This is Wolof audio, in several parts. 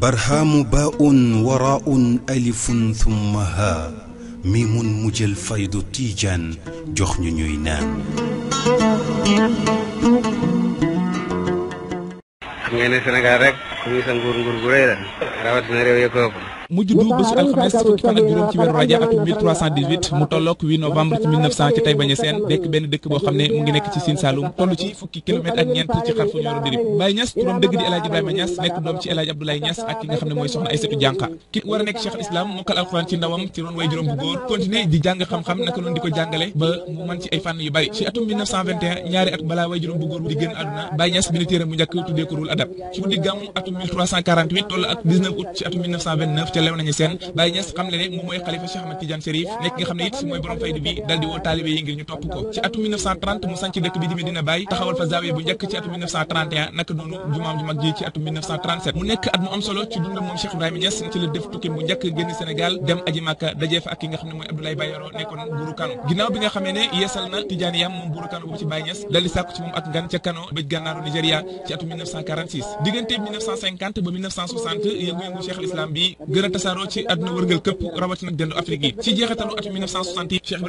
barhaamu baa'un waraa'un alifun thumma haa miimun mu jël faydu tiijaan jox ñu ñuy ngeen ne rek ku ñu nguur nguur gu rëy la rawatina réew ya mu juddu bésu alxames fukki fan ak juróom ci weeru rajab atum mu tollook 8 novembre ci 1900 ci nekk benn dëkk boo xam ne mu ngi nekk ci Sine Saloum toll ci fukki kilomètre ak ñeent ci xarfu ñoro dirib Baye Niass turam dëgg di El Hadj Ibrahima Niass nekk doom ci El Hadj Abdoulaye ak ki nga xam ne mooy soxna Aysatu Jànqa ki war a nekk Cheikh Islam mokkal alxuraan ci ndawam ci roon way juróom bu góor continuer di jàng xam-xam naka noonu di ko jàngale ca lew nañu seen Baye xam ne moom mooy xalifa Cheikh Ahmad Tidiane nekk nga xam ne it mooy borom faydu bi dal woo taalibe yi ngir ñu topp ko ci atum 1930 mu sanc dëkk bi di Medina Baye taxawal fa zawiya bu njëkk ci atum 1931 naka noonu jumaam ju mag ji ci atum mu nekk at mu am solo ci dundam moom Cheikh Ibrahima Niass ci la def tukki bu njëkk génn Sénégal dem aji Màkka dajee fa ak ki nga xam ne mooy Abdoulaye Bayero nekkoon buuru Kano ginnaaw a tasaaroo ci àdduna wërngal këpp rawatina dendu Afrique yi ci jeexitalu atum 1960 yi Cheikh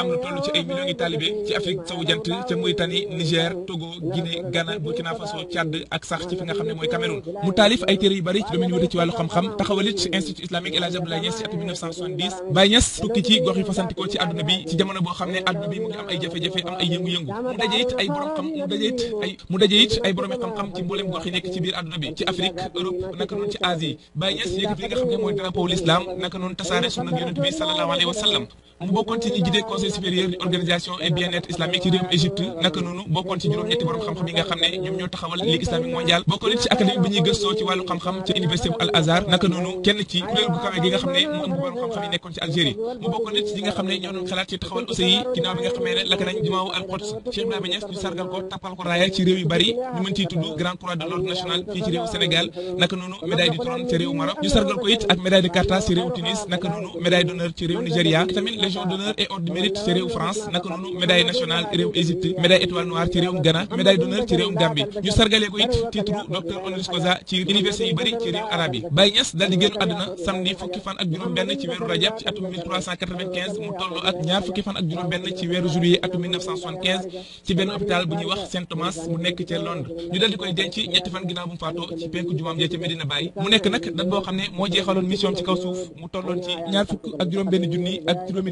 am na toll ci ay millions yi taalibe ci Afrique sowu jant ca Mauritanie Niger Togo Guinée Ghana Burkina Faso Tchad ak sax ci fi nga xam ne mooy Cameroun mu taalif ay téere yu bari domaine wute ci wàllu xam-xam taxawalit ci islamique El Hadj ci atum 1970 tukki ci gox yi fasantikoo ci àdduna bi ci jamono boo xam ne àdduna bi mu ngi am ay jafe mooy drapeau l'islam naka noonu tasaare sunna yonent bi sallallahu alayhi wa sallam mu bokkoon ci ñi jiite conseil supérieur organisation et bien-être islamique ci réewum Égypte bokkoon ci juróom bi ñuy gëstoo ci wàllu xam-xam ci université bu Al naka noonu kenn ci kuréel gu kawe gi nga xam ne mu ëmb borom xam-xam yi nekkoon ci Algérie mu bokkoon ci nga xam ne ñoo xalaat ci taxawal OCI ginnaaw bi nga xamee ne lakk nañ jumaawu Al Quds Cheikh Ibrahima Niass ñu sargal ko tappal ko raaya ci réew yu bari ñu mën tudd Grand Croix légion d'honneur et ordre du mérite ci réew France naka noonu médaille nationale réew Égypte médaille étoile noire ci réewum Ghana médaille d'honneur ci réewum Gambie ñu sargalé ko it titre docteur honoris causa ci université yu bari ci réew arabe yi Baye Niass dal di génn aduna samedi fukki fan ak juróom ben ci wéru rajab ci atum 1395 mu tollu ak ñaar fukki fan ak juróom ben ci wéru juillet atum 1975 ci ben hôpital bu ñuy wax Saint Thomas mu nekk ci Londres ñu dal di koy denc ñetti fan ginnaaw bu mu ci penku jumaam ja ci Medina Baye mu nekk nak dat bo xamné mo jéxalon mission ci kaw suuf mu tollon ci ñaar fukk ak juróom ben junni ak juróomi